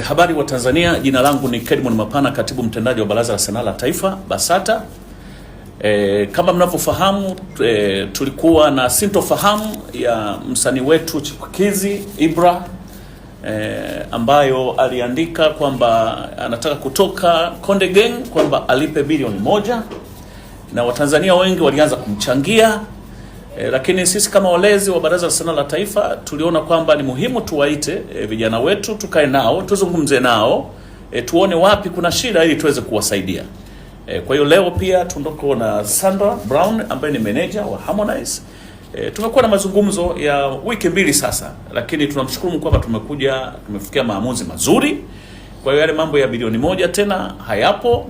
Eh, habari wa Tanzania, jina langu ni Kedmon Mapana, katibu mtendaji wa Baraza la Sanaa la Taifa BASATA. Eh, kama mnavyofahamu eh, tulikuwa na sintofahamu ya msanii wetu chipukizi Ibra eh, ambayo aliandika kwamba anataka kutoka Konde Gang kwamba alipe bilioni moja na Watanzania wengi walianza kumchangia E, lakini sisi kama walezi wa Baraza la Sanaa la Taifa tuliona kwamba ni muhimu tuwaite e, vijana wetu tukae nao tuzungumze nao e, tuone wapi kuna shida ili tuweze kuwasaidia. E, kwa hiyo leo pia tundoko na Sandra Brown ambaye ni manager wa Harmonize. E, tumekuwa na mazungumzo ya wiki mbili sasa, lakini tunamshukuru kwamba tumekuja tumefikia maamuzi mazuri. Kwa hiyo yale mambo ya bilioni moja tena hayapo.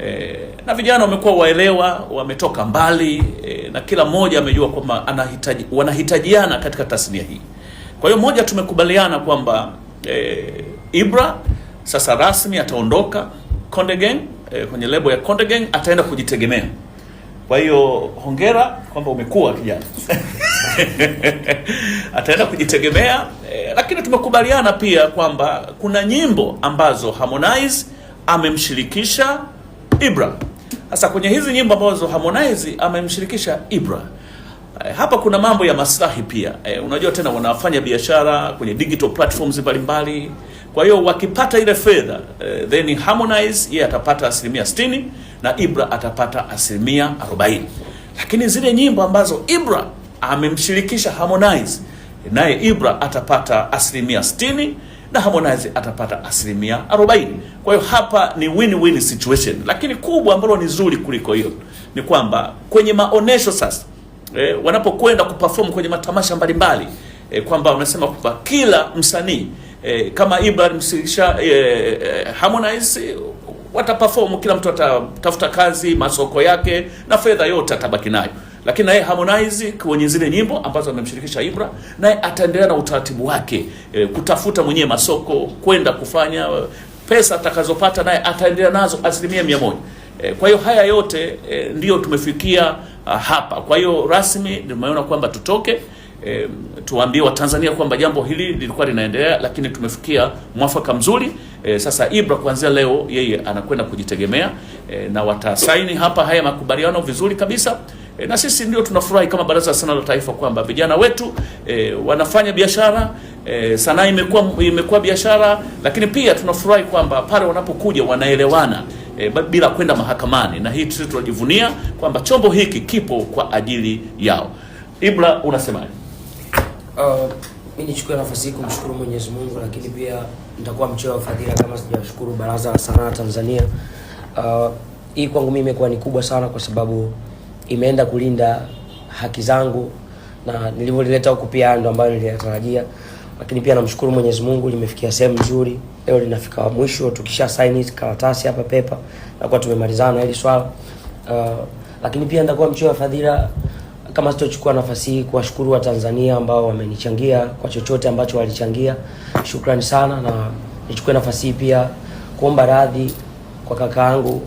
E, na vijana wamekuwa waelewa, wametoka mbali e, na kila mmoja amejua kwamba anahitaji wanahitajiana katika tasnia hii. Kwa hiyo moja, tumekubaliana kwamba e, Ibra sasa rasmi ataondoka Konde Gang e, kwenye lebo ya Konde Gang ataenda kujitegemea. Kwa hiyo hongera kwamba umekuwa kijana ataenda kujitegemea e, lakini tumekubaliana pia kwamba kuna nyimbo ambazo Harmonize amemshirikisha Ibra. Sasa kwenye hizi nyimbo ambazo Harmonize amemshirikisha Ibra, eh, hapa kuna mambo ya maslahi pia. E, unajua tena wanafanya biashara kwenye digital platforms mbalimbali, kwa hiyo wakipata ile fedha e, then Harmonize yeye atapata asilimia 60 na Ibra atapata asilimia 40, lakini zile nyimbo ambazo Ibra amemshirikisha Harmonize naye Ibra atapata asilimia 60 na Harmonize atapata asilimia 40. Kwa hiyo hapa ni win-win situation, lakini kubwa ambalo ni zuri kuliko hiyo ni kwamba kwenye maonesho sasa eh, wanapokwenda kuperform kwenye matamasha mbalimbali eh, kwamba wanasema kwamba kila msanii eh, kama Ibrahim Sisha eh, eh, Harmonize wataperform, kila mtu atatafuta kazi, masoko yake na fedha yote atabaki nayo lakini naye Harmonize kwenye zile nyimbo ambazo amemshirikisha Ibra, naye ataendelea na utaratibu wake e, kutafuta mwenyewe masoko kwenda kufanya e, pesa atakazopata naye ataendelea nazo asilimia mia moja. E, kwa hiyo haya yote e, ndiyo tumefikia a, hapa. Kwa hiyo rasmi nimeona kwamba tutoke e, tuwaambie Watanzania kwamba jambo hili lilikuwa linaendelea, lakini tumefikia mwafaka mzuri e, sasa Ibra kuanzia leo yeye anakwenda kujitegemea e, na watasaini hapa haya makubaliano vizuri kabisa. E, na sisi ndio tunafurahi kama Baraza la Sanaa la Taifa kwamba vijana wetu e, wanafanya biashara e, sanaa imekuwa imekuwa biashara, lakini pia tunafurahi kwamba pale wanapokuja wanaelewana e, bila kwenda mahakamani, na hii sisi tunajivunia kwamba chombo hiki kipo kwa ajili yao. Ibra, unasemaje? Uh, mimi nichukue nafasi hii kumshukuru Mwenyezi Mungu, lakini pia nitakuwa mchoyo wa fadhila kama sijashukuru Baraza la Sanaa Tanzania. Uh, hii kwangu mimi imekuwa ni kubwa sana kwa sababu imeenda kulinda haki zangu na nilivyolileta huku pia ndo ambayo niliyatarajia, lakini pia namshukuru Mwenyezi Mungu limefikia sehemu nzuri. Leo linafika mwisho, tukisha sign hizi karatasi hapa pepa na kwa tumemalizana hili swala uh, lakini pia nitakuwa mchoyo wa fadhila kama sitochukua nafasi hii kuwashukuru Watanzania ambao wamenichangia kwa chochote ambacho walichangia, shukrani sana, na nichukue nafasi hii pia kuomba radhi kwa kakaangu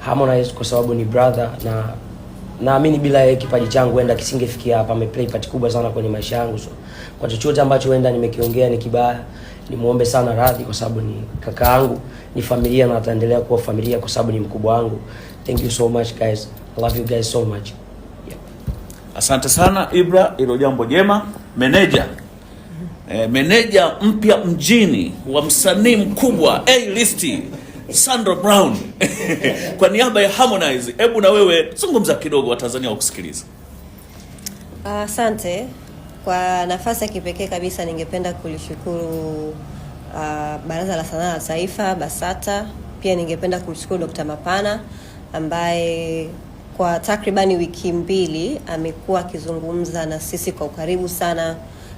Harmonize kwa sababu ni brother na naamini bila yeye kipaji changu enda kisingefikia hapa. Ameplay part kubwa sana kwenye maisha yangu, so kwa chochote ambacho enda nimekiongea ni kibaya, nimuombe sana radhi, kwa sababu ni kaka yangu, ni familia na ataendelea kuwa familia, kwa sababu ni mkubwa wangu. Thank you so much guys, I love you guys so much. Asante sana Ibra, ilo jambo jema. Meneja eh, meneja mpya mjini wa msanii mkubwa A-listi Sandra Brown kwa niaba ya Harmonize, hebu na wewe zungumza kidogo, Watanzania wakusikiliza. Asante uh, kwa nafasi ya kipekee kabisa ningependa kulishukuru uh, Baraza la Sanaa la Taifa BASATA. Pia ningependa kumshukuru Dr. Mapana ambaye kwa takribani wiki mbili amekuwa akizungumza na sisi kwa ukaribu sana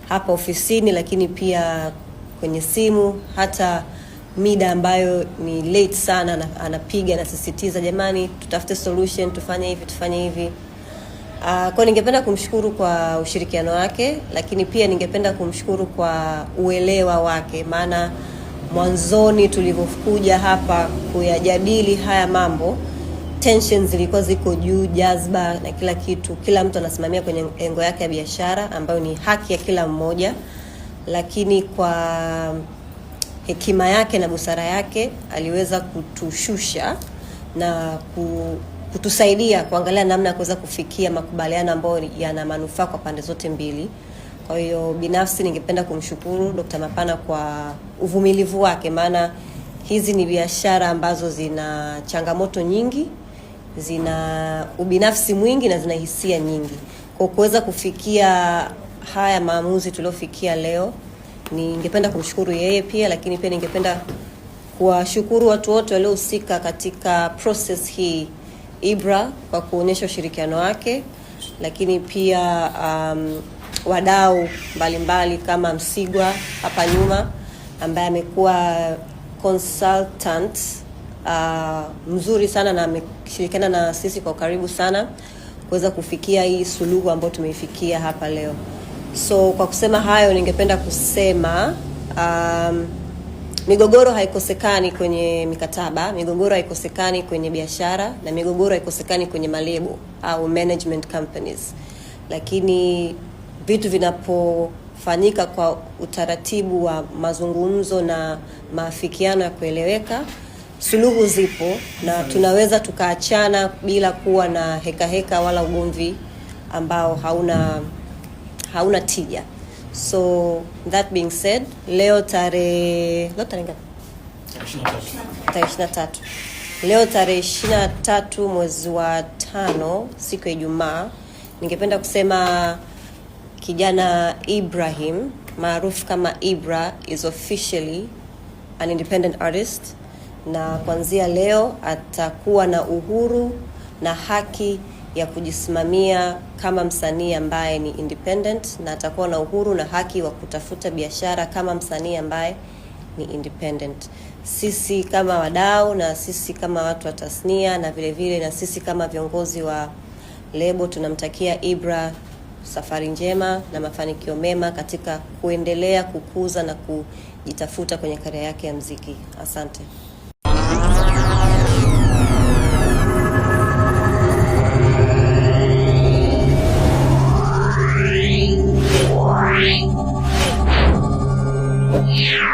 hapa ofisini, lakini pia kwenye simu hata mida ambayo ni late sana, anapiga anasisitiza, jamani, tutafute solution, tufanye hivi tufanye hivi. Uh, kwa ningependa kumshukuru kwa ushirikiano wake, lakini pia ningependa kumshukuru kwa uelewa wake, maana mwanzoni tulivyokuja hapa kuyajadili haya mambo tensions zilikuwa ziko juu, jazba na kila kitu. Kila mtu anasimamia kwenye engo yake ya biashara ambayo ni haki ya kila mmoja, lakini kwa hekima yake na busara yake aliweza kutushusha na kutusaidia kuangalia namna ya kuweza kufikia makubaliano ambayo yana manufaa kwa pande zote mbili. Kwa hiyo binafsi ningependa kumshukuru Dr. Mapana kwa uvumilivu wake, maana hizi ni biashara ambazo zina changamoto nyingi, zina ubinafsi mwingi na zina hisia nyingi, kwa kuweza kufikia haya maamuzi tuliofikia leo Ningependa kumshukuru yeye pia, lakini pia ningependa kuwashukuru watu wote waliohusika katika process hii, Ibra kwa kuonyesha ushirikiano wake, lakini pia um, wadau mbalimbali kama Msigwa hapa nyuma ambaye amekuwa consultant uh, mzuri sana na ameshirikiana na sisi kwa karibu sana kuweza kufikia hii suluhu ambayo tumeifikia hapa leo. So kwa kusema hayo, ningependa kusema um, migogoro haikosekani kwenye mikataba, migogoro haikosekani kwenye biashara, na migogoro haikosekani kwenye malebo au management companies, lakini vitu vinapofanyika kwa utaratibu wa mazungumzo na maafikiano ya kueleweka, suluhu zipo na tunaweza tukaachana bila kuwa na hekaheka heka wala ugomvi ambao hauna hauna tija. So that being said, leo tarehe leo tarehe ngapi? Tarehe ishirini tatu. Leo tarehe ishirini tatu mwezi wa tano, siku ya Ijumaa, ningependa kusema kijana Ibrahim maarufu kama Ibra is officially an independent artist, na kuanzia leo atakuwa na uhuru na haki ya kujisimamia kama msanii ambaye ni independent na atakuwa na uhuru na haki wa kutafuta biashara kama msanii ambaye ni independent. Sisi kama wadau na sisi kama watu wa tasnia na vile vile na sisi kama viongozi wa lebo tunamtakia Ibra safari njema na mafanikio mema katika kuendelea kukuza na kujitafuta kwenye karia yake ya mziki. Asante. Yeah.